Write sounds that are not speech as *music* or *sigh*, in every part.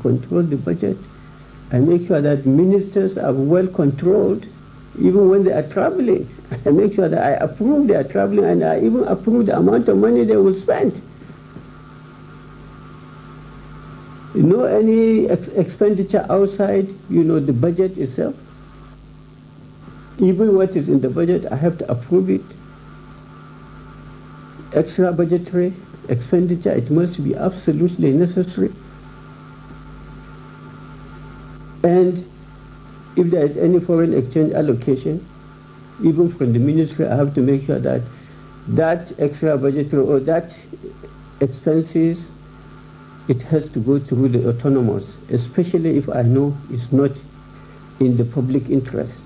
control the budget and make sure that ministers are well controlled even when they are traveling. *laughs* I make sure that I approve their traveling and I even approve the amount of money they will spend. You know any ex expenditure outside, you know, the budget itself. Even what is in the budget, I have to approve it. Extra budgetary expenditure, it must be absolutely necessary. And if there is any foreign exchange allocation, even from the ministry, I have to make sure that that extra budget or that expenses, it has to go through the autonomous, especially if I know it's not in the public interest.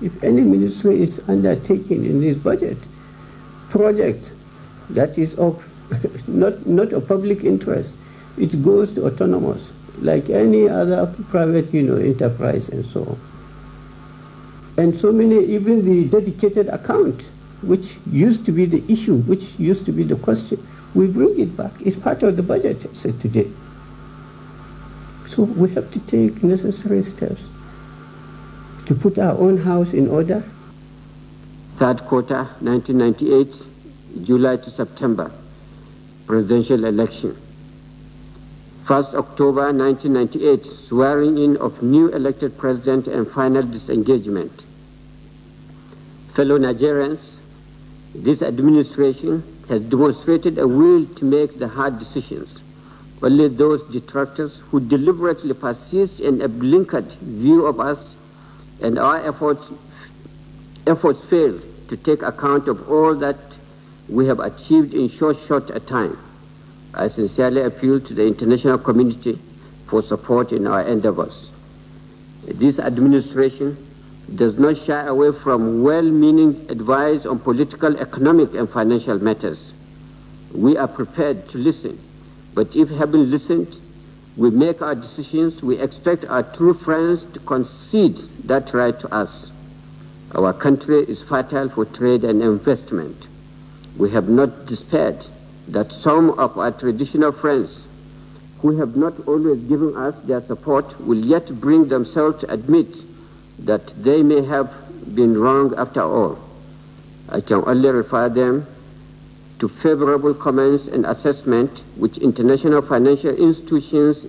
If any ministry is undertaking in this budget project that is of *laughs* not, not a public interest, it goes to autonomous like any other private, you know, enterprise and so on. And so many, even the dedicated account, which used to be the issue, which used to be the question, we bring it back. It's part of the budget, I said today. So we have to take necessary steps to put our own house in order. Third quarter, 1998, July to September, presidential election. 1st October 1998, swearing in of new elected president and final disengagement. Fellow Nigerians, this administration has demonstrated a will to make the hard decisions. Only those detractors who deliberately persist in a blinkered view of us and our efforts, efforts fail to take account of all that we have achieved in short, short a time. I sincerely appeal to the international community for support in our endeavors. This administration does not shy away from well-meaning advice on political, economic, and financial matters. We are prepared to listen, but if having listened, we make our decisions, we expect our true friends to concede that right to us. Our country is fertile for trade and investment. We have not despaired that some of our traditional friends who have not always given us their support will yet bring themselves to admit that they may have been wrong after all. I can only refer them to favorable comments and assessment which international financial institutions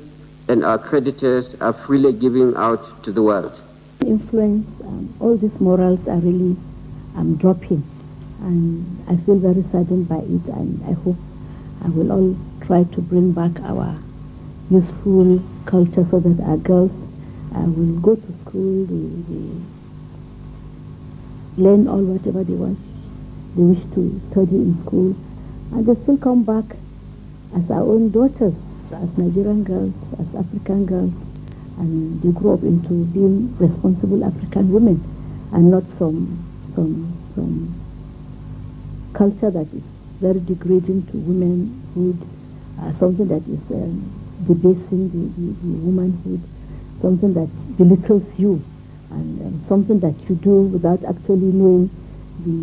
and our creditors are freely giving out to the world. Influence, um, all these morals are really um, dropping and I feel very saddened by it and I hope and we'll all try to bring back our useful culture so that our girls uh, will go to school, they, they learn all whatever they want, they wish to study in school, and they still come back as our own daughters, as Nigerian girls, as African girls, and they grow up into being responsible African women and not some some some culture that is very degrading to womanhood, uh, something that is um, debasing the, the, the, womanhood, something that belittles you, and um, something that you do without actually knowing the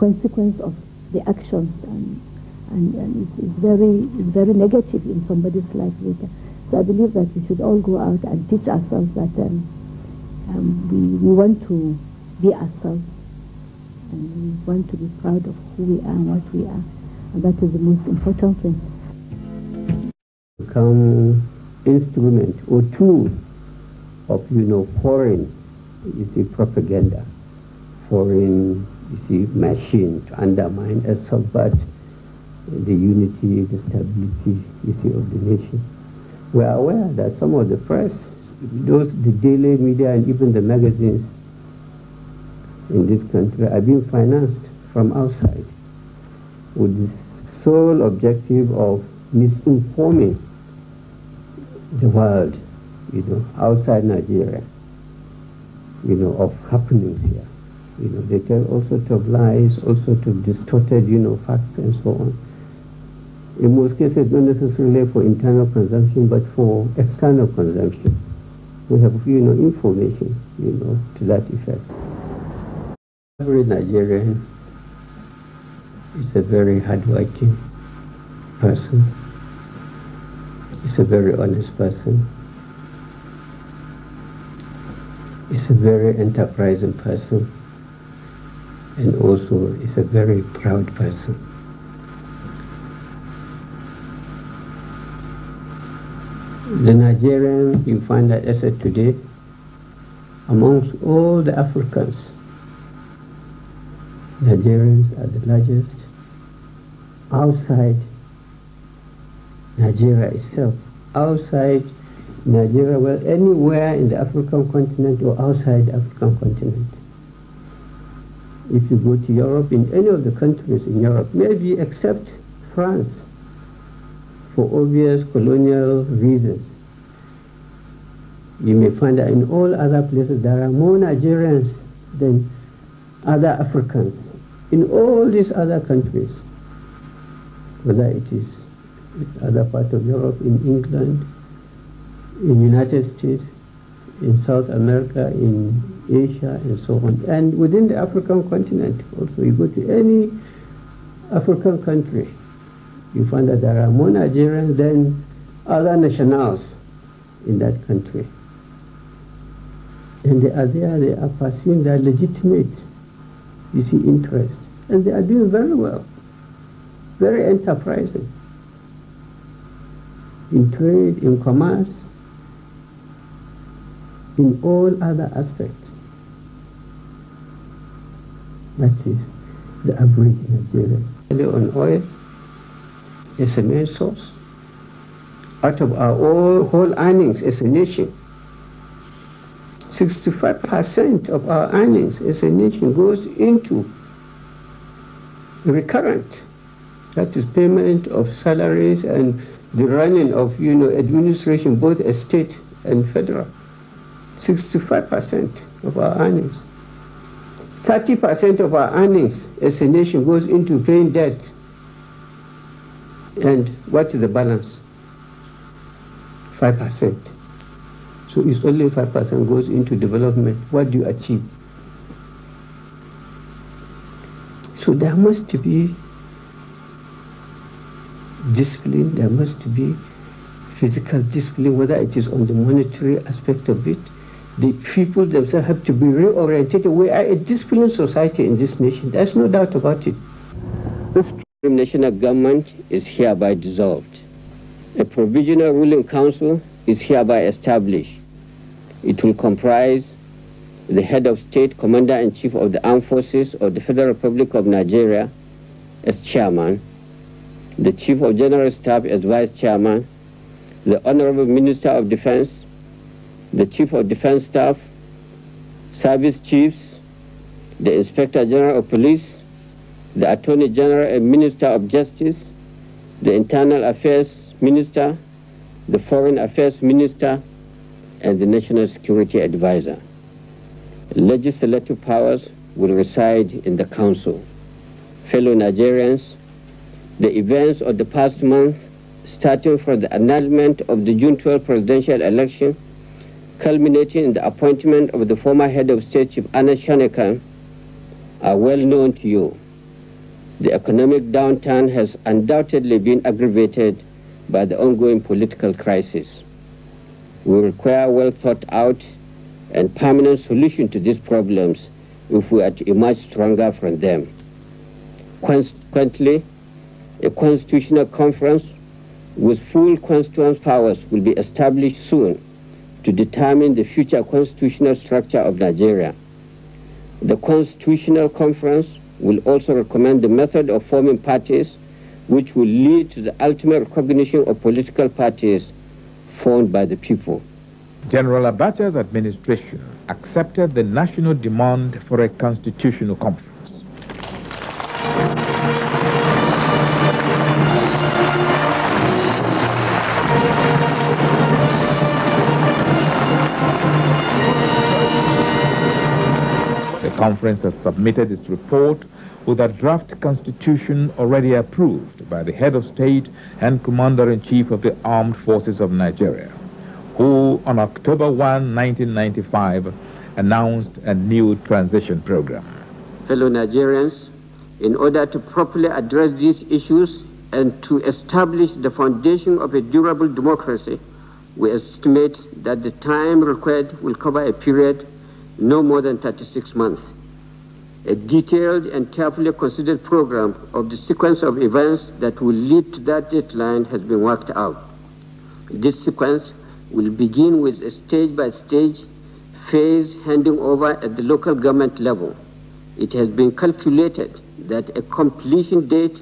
consequence of the actions. And, and, and it's, it's, very, it's very negative in somebody's life later. So I believe that we should all go out and teach ourselves that um, um, we, we want to be ourselves and we want to be proud of who we are and what we are. That is the most important thing. Become instrument or tool of, you know, foreign, you see, propaganda, foreign, you see, machine to undermine and subvert the unity, the stability, you see, of the nation. We are aware that some of the press, those, the daily media and even the magazines in this country are being financed from outside with the sole objective of misinforming the world, you know, outside Nigeria, you know, of happenings here. You know, they tell all sorts of lies, all sorts of distorted, you know, facts and so on. In most cases, not necessarily for internal consumption, but for external consumption. We have, you know, information, you know, to that effect. Every Nigerian He's a very hardworking person. He's a very honest person. He's a very enterprising person. And also he's a very proud person. The Nigerian, you find that as today, amongst all the Africans, Nigerians are the largest outside Nigeria itself, outside Nigeria, well, anywhere in the African continent or outside the African continent. If you go to Europe, in any of the countries in Europe, maybe except France, for obvious colonial reasons, you may find that in all other places there are more Nigerians than other Africans in all these other countries whether it is other parts of Europe, in England, in United States, in South America, in Asia, and so on. And within the African continent also, you go to any African country, you find that there are more Nigerians than other nationals in that country. And they are there, they are pursuing their legitimate, you see, interest. And they are doing very well very enterprising in trade, in commerce, in all other aspects. That is the average Nigerian. On oil is a main source. Out of our all, whole earnings as a nation, 65% of our earnings as a nation goes into recurrent that is payment of salaries and the running of you know administration, both state and federal. 65% of our earnings. 30% of our earnings as a nation goes into paying debt. And what is the balance? 5%. So it's only 5% goes into development. What do you achieve? So there must be discipline, there must be physical discipline, whether it is on the monetary aspect of it. The people themselves have to be reoriented. We are a disciplined society in this nation. There's no doubt about it. This national government is hereby dissolved. A provisional ruling council is hereby established. It will comprise the head of state, commander-in-chief of the armed forces of the Federal Republic of Nigeria as chairman, the Chief of General Staff as Vice Chairman, the Honorable Minister of Defense, the Chief of Defense Staff, Service Chiefs, the Inspector General of Police, the Attorney General and Minister of Justice, the Internal Affairs Minister, the Foreign Affairs Minister, and the National Security Advisor. Legislative powers will reside in the Council. Fellow Nigerians, the events of the past month, starting from the annulment of the June 12 presidential election, culminating in the appointment of the former head of state, Chief Anna Shanakan, are well known to you. The economic downturn has undoubtedly been aggravated by the ongoing political crisis. We require well thought out and permanent solution to these problems if we are to emerge stronger from them. Consequently, a constitutional conference with full constituent powers will be established soon to determine the future constitutional structure of Nigeria. The Constitutional Conference will also recommend the method of forming parties which will lead to the ultimate recognition of political parties formed by the people. General Abacha's administration accepted the national demand for a constitutional conference. Conference has submitted its report with a draft constitution already approved by the head of state and commander-in-chief of the armed forces of Nigeria, who on October 1, 1995, announced a new transition program. Fellow Nigerians, in order to properly address these issues and to establish the foundation of a durable democracy, we estimate that the time required will cover a period no more than 36 months a detailed and carefully considered program of the sequence of events that will lead to that deadline has been worked out. This sequence will begin with a stage by stage phase handing over at the local government level. It has been calculated that a completion date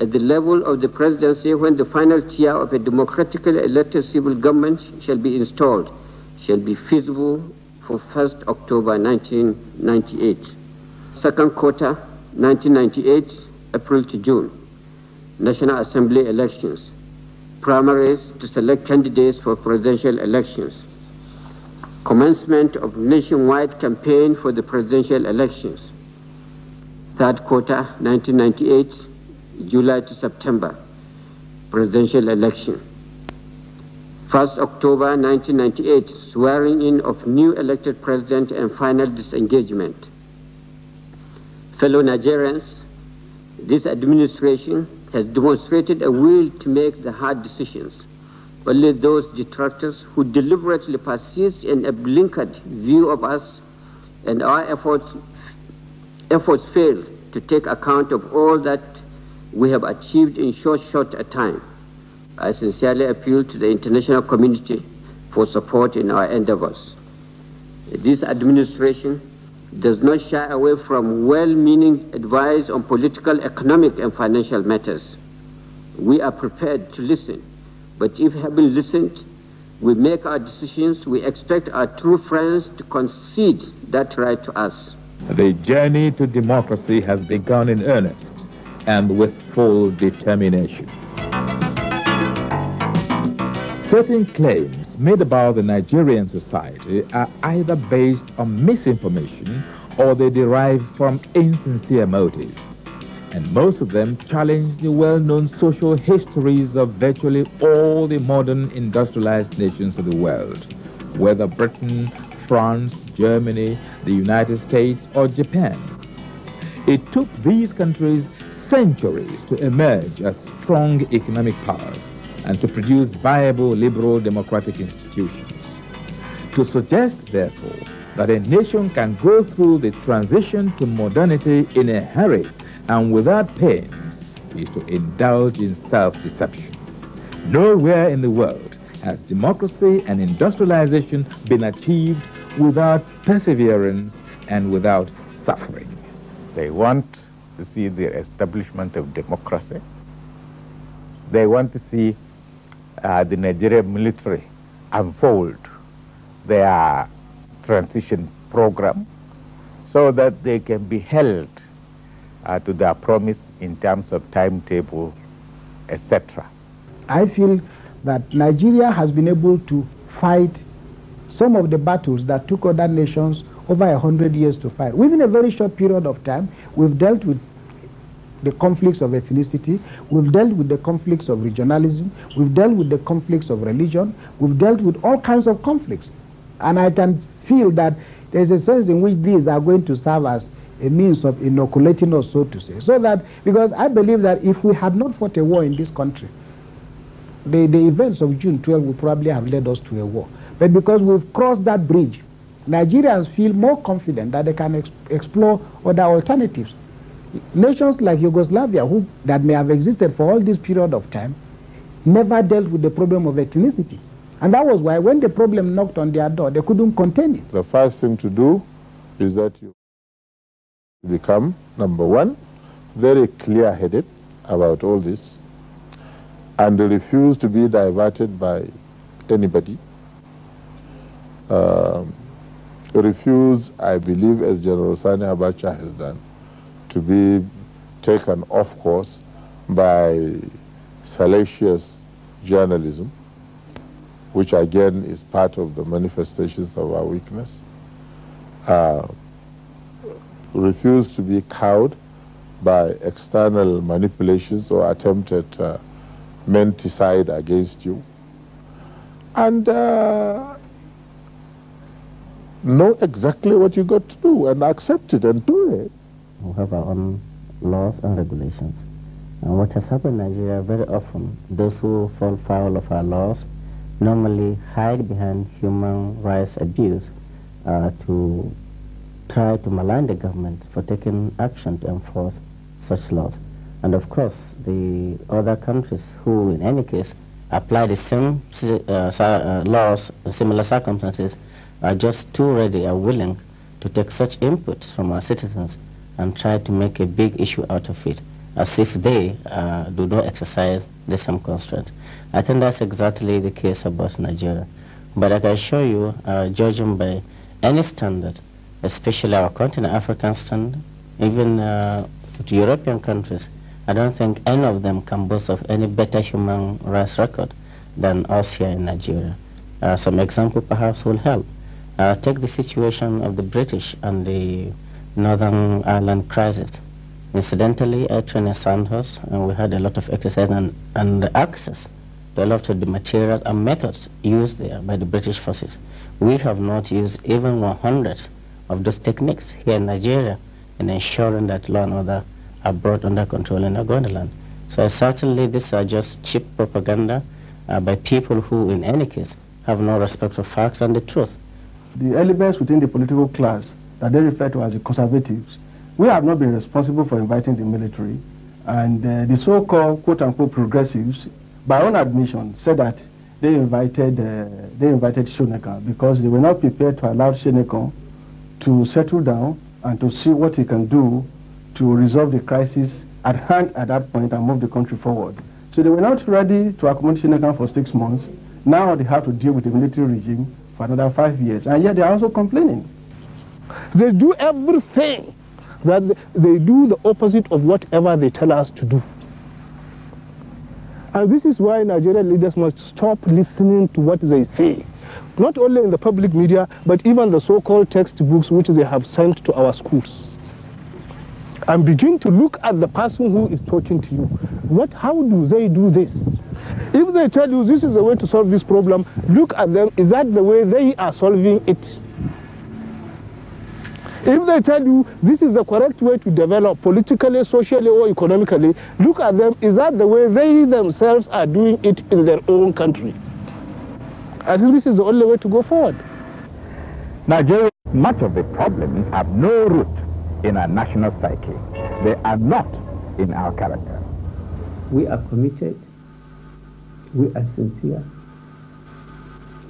at the level of the presidency when the final tier of a democratically elected civil government shall be installed shall be feasible for 1st October 1998 second quarter 1998, April to June, National Assembly elections, primaries to select candidates for presidential elections, commencement of nationwide campaign for the presidential elections, third quarter 1998, July to September, presidential election. 1st October 1998, swearing in of new elected president and final disengagement fellow Nigerians, this administration has demonstrated a will to make the hard decisions. Only those detractors who deliberately persist in a blinkered view of us and our efforts, efforts fail to take account of all that we have achieved in short, short a time. I sincerely appeal to the international community for support in our endeavors. This administration does not shy away from well-meaning advice on political, economic, and financial matters. We are prepared to listen, but if having listened, we make our decisions, we expect our true friends to concede that right to us. The journey to democracy has begun in earnest and with full determination. Setting claims made about the Nigerian society are either based on misinformation or they derive from insincere motives. And most of them challenge the well-known social histories of virtually all the modern industrialized nations of the world, whether Britain, France, Germany, the United States, or Japan. It took these countries centuries to emerge as strong economic powers and to produce viable liberal democratic institutions. To suggest, therefore, that a nation can go through the transition to modernity in a hurry and without pains is to indulge in self-deception. Nowhere in the world has democracy and industrialization been achieved without perseverance and without suffering. They want to see the establishment of democracy. They want to see uh, the Nigerian military unfold their transition program so that they can be held uh, to their promise in terms of timetable, etc. I feel that Nigeria has been able to fight some of the battles that took other nations over a hundred years to fight. Within a very short period of time, we've dealt with the conflicts of ethnicity, we've dealt with the conflicts of regionalism, we've dealt with the conflicts of religion, we've dealt with all kinds of conflicts. And I can feel that there's a sense in which these are going to serve as a means of inoculating us, so to say. So that, because I believe that if we had not fought a war in this country, the, the events of June 12 would probably have led us to a war. But because we've crossed that bridge, Nigerians feel more confident that they can ex explore other alternatives. Nations like Yugoslavia, who, that may have existed for all this period of time, never dealt with the problem of ethnicity. And that was why when the problem knocked on their door, they couldn't contain it. The first thing to do is that you become, number one, very clear-headed about all this and refuse to be diverted by anybody. Uh, refuse, I believe, as General Sani Abacha has done, to be taken off course by salacious journalism, which again is part of the manifestations of our weakness, uh, refuse to be cowed by external manipulations or attempted uh, menticide against you, and uh, know exactly what you got to do and accept it and do it. We have our own laws and regulations. And what has happened in Nigeria very often, those who fall foul of our laws normally hide behind human rights abuse uh, to try to malign the government for taking action to enforce such laws. And of course, the other countries who, in any case, apply the same uh, uh, laws in similar circumstances are just too ready, are willing to take such inputs from our citizens and try to make a big issue out of it, as if they uh, do not exercise the same constraint. I think that's exactly the case about Nigeria. But I can assure you, uh, judging by any standard, especially our continent, African standard, even uh, European countries, I don't think any of them can boast of any better human rights record than us here in Nigeria. Uh, some example perhaps will help. Uh, take the situation of the British and the Northern Ireland crisis. Incidentally, I trained at Sandhurst, and uh, we had a lot of exercise and, and access to a lot of the materials and methods used there by the British forces. We have not used even 100 of those techniques here in Nigeria in ensuring that law and order are brought under control in Ogoniland. So certainly these are just cheap propaganda uh, by people who, in any case, have no respect for facts and the truth. The elements within the political class that they refer to as the conservatives, we have not been responsible for inviting the military. And uh, the so-called quote-unquote progressives, by own admission, said that they invited, uh, they invited Shoneka because they were not prepared to allow Shoneka to settle down and to see what he can do to resolve the crisis at hand at that point and move the country forward. So they were not ready to accommodate Shoneka for six months. Now they have to deal with the military regime for another five years. And yet they are also complaining. They do everything that they do the opposite of whatever they tell us to do. And this is why Nigerian leaders must stop listening to what they say, not only in the public media, but even the so-called textbooks which they have sent to our schools. And begin to look at the person who is talking to you. What, how do they do this? If they tell you this is the way to solve this problem, look at them, is that the way they are solving it? If they tell you this is the correct way to develop politically, socially, or economically, look at them. Is that the way they themselves are doing it in their own country? I think this is the only way to go forward. Nigeria, much of the problems have no root in our national psyche. They are not in our character. We are committed, we are sincere,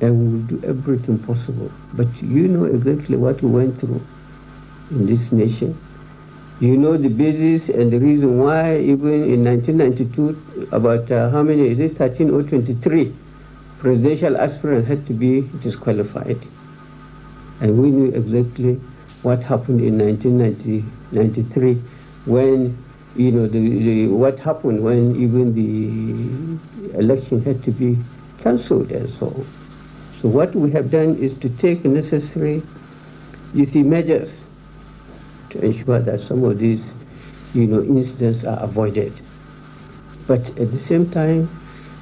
and we will do everything possible. But you know exactly what we went through in this nation. You know the basis and the reason why, even in 1992, about uh, how many is it, 13 or 23 presidential aspirants had to be disqualified. And we knew exactly what happened in 1993 when, you know, the, the, what happened when even the election had to be cancelled and so on. So what we have done is to take necessary, you see, measures to ensure that some of these you know, incidents are avoided. But at the same time,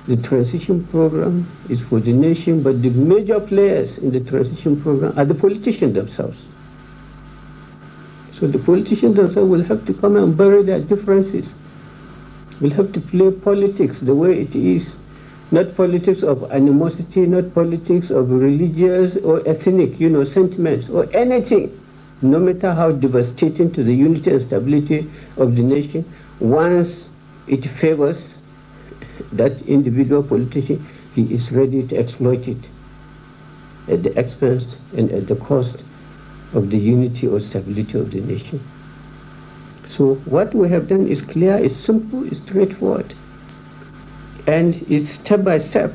the transition program is for the nation, but the major players in the transition program are the politicians themselves. So the politicians themselves will have to come and bury their differences. Will have to play politics the way it is, not politics of animosity, not politics of religious or ethnic, you know, sentiments or anything no matter how devastating to the unity and stability of the nation, once it favors that individual politician, he is ready to exploit it at the expense and at the cost of the unity or stability of the nation. So what we have done is clear, it's simple, it's straightforward, and it's step by step.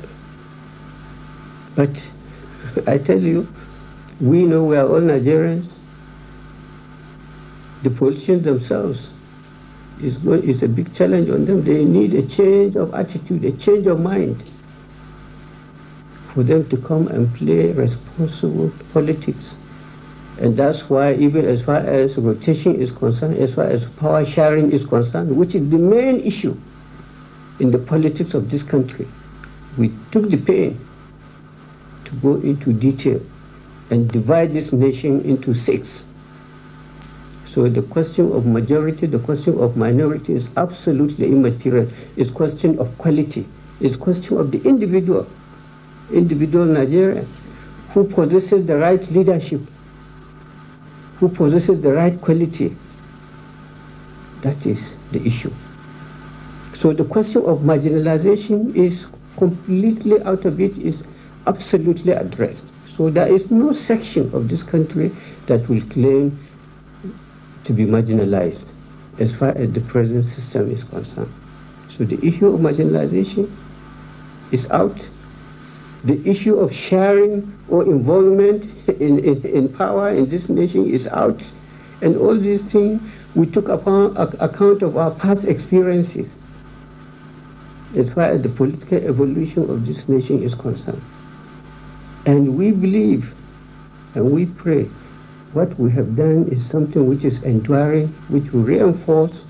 But *laughs* I tell you, we know we are all Nigerians, the politicians themselves is, going, a big challenge on them. They need a change of attitude, a change of mind for them to come and play responsible politics. And that's why even as far as rotation is concerned, as far as power sharing is concerned, which is the main issue in the politics of this country, we took the pain to go into detail and divide this nation into six. So the question of majority, the question of minority is absolutely immaterial. It's question of quality. It's question of the individual, individual Nigerian, who possesses the right leadership, who possesses the right quality. That is the issue. So the question of marginalization is completely out of it, is absolutely addressed. So there is no section of this country that will claim to be marginalized as far as the present system is concerned. So the issue of marginalization is out. The issue of sharing or involvement *laughs* in, in, in power in this nation is out. And all these things, we took upon account of our past experiences as far as the political evolution of this nation is concerned. And we believe and we pray what we have done is something which is enduring, which will reinforce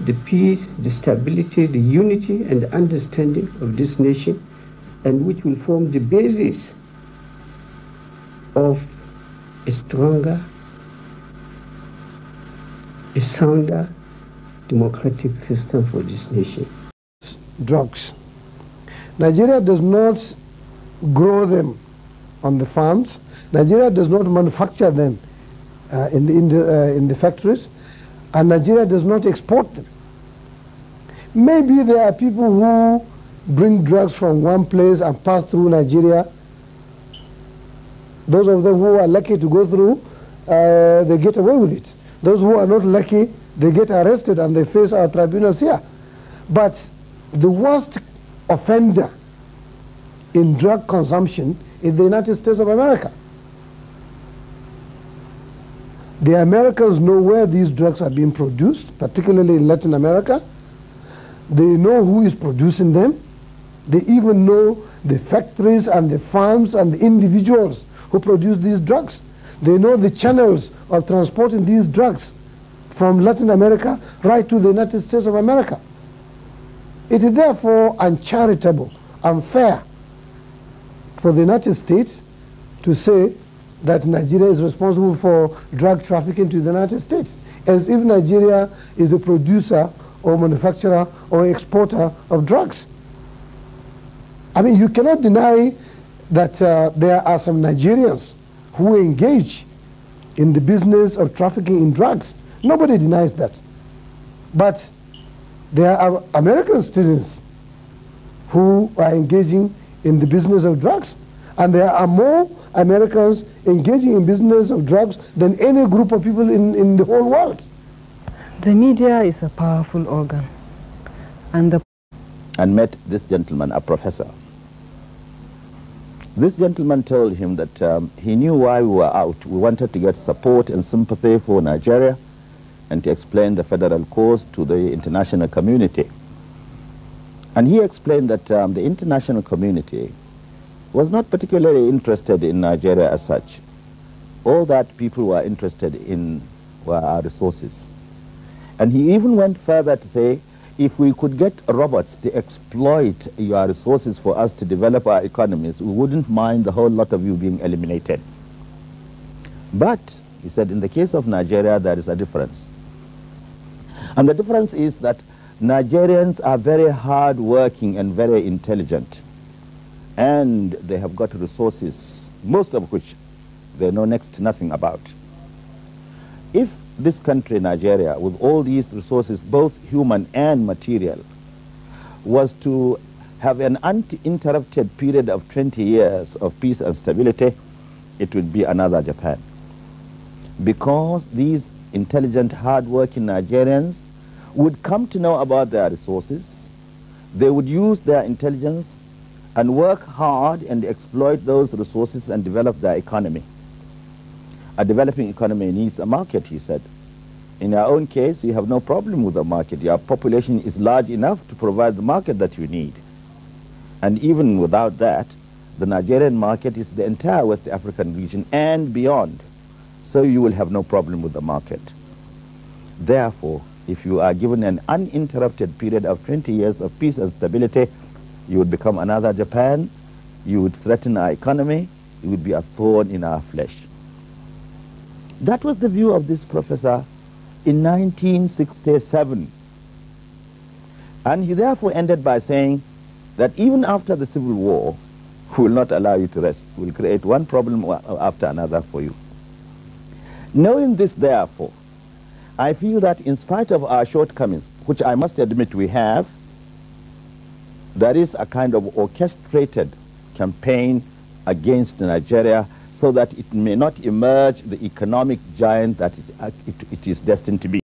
the peace, the stability, the unity, and the understanding of this nation, and which will form the basis of a stronger, a sounder democratic system for this nation. Drugs. Nigeria does not grow them on the farms Nigeria does not manufacture them uh, in, the, in, the, uh, in the factories, and Nigeria does not export them. Maybe there are people who bring drugs from one place and pass through Nigeria. Those of them who are lucky to go through, uh, they get away with it. Those who are not lucky, they get arrested and they face our tribunals here. But the worst offender in drug consumption is the United States of America. The Americans know where these drugs are being produced, particularly in Latin America. They know who is producing them. They even know the factories and the farms and the individuals who produce these drugs. They know the channels of transporting these drugs from Latin America right to the United States of America. It is therefore uncharitable, unfair for the United States to say that Nigeria is responsible for drug trafficking to the United States, as if Nigeria is a producer or manufacturer or exporter of drugs. I mean, you cannot deny that uh, there are some Nigerians who engage in the business of trafficking in drugs. Nobody denies that. But there are American students who are engaging in the business of drugs, and there are more Americans engaging in business of drugs than any group of people in, in the whole world. The media is a powerful organ. And, the and met this gentleman, a professor. This gentleman told him that um, he knew why we were out. We wanted to get support and sympathy for Nigeria and to explain the federal cause to the international community. And he explained that um, the international community was not particularly interested in Nigeria as such. All that people were interested in were our resources. And he even went further to say, if we could get robots to exploit your resources for us to develop our economies, we wouldn't mind the whole lot of you being eliminated. But, he said, in the case of Nigeria, there is a difference. And the difference is that Nigerians are very hard-working and very intelligent and they have got resources, most of which they know next to nothing about. If this country, Nigeria, with all these resources, both human and material, was to have an uninterrupted period of 20 years of peace and stability, it would be another Japan. Because these intelligent, hard-working Nigerians would come to know about their resources, they would use their intelligence and work hard and exploit those resources and develop their economy. A developing economy needs a market, he said. In our own case, you have no problem with the market. Your population is large enough to provide the market that you need. And even without that, the Nigerian market is the entire West African region and beyond. So you will have no problem with the market. Therefore, if you are given an uninterrupted period of 20 years of peace and stability, you would become another Japan. You would threaten our economy. You would be a thorn in our flesh. That was the view of this professor in 1967. And he therefore ended by saying that even after the Civil War, we will not allow you to rest. We will create one problem after another for you. Knowing this, therefore, I feel that in spite of our shortcomings, which I must admit we have, there is a kind of orchestrated campaign against Nigeria so that it may not emerge the economic giant that it, it, it is destined to be.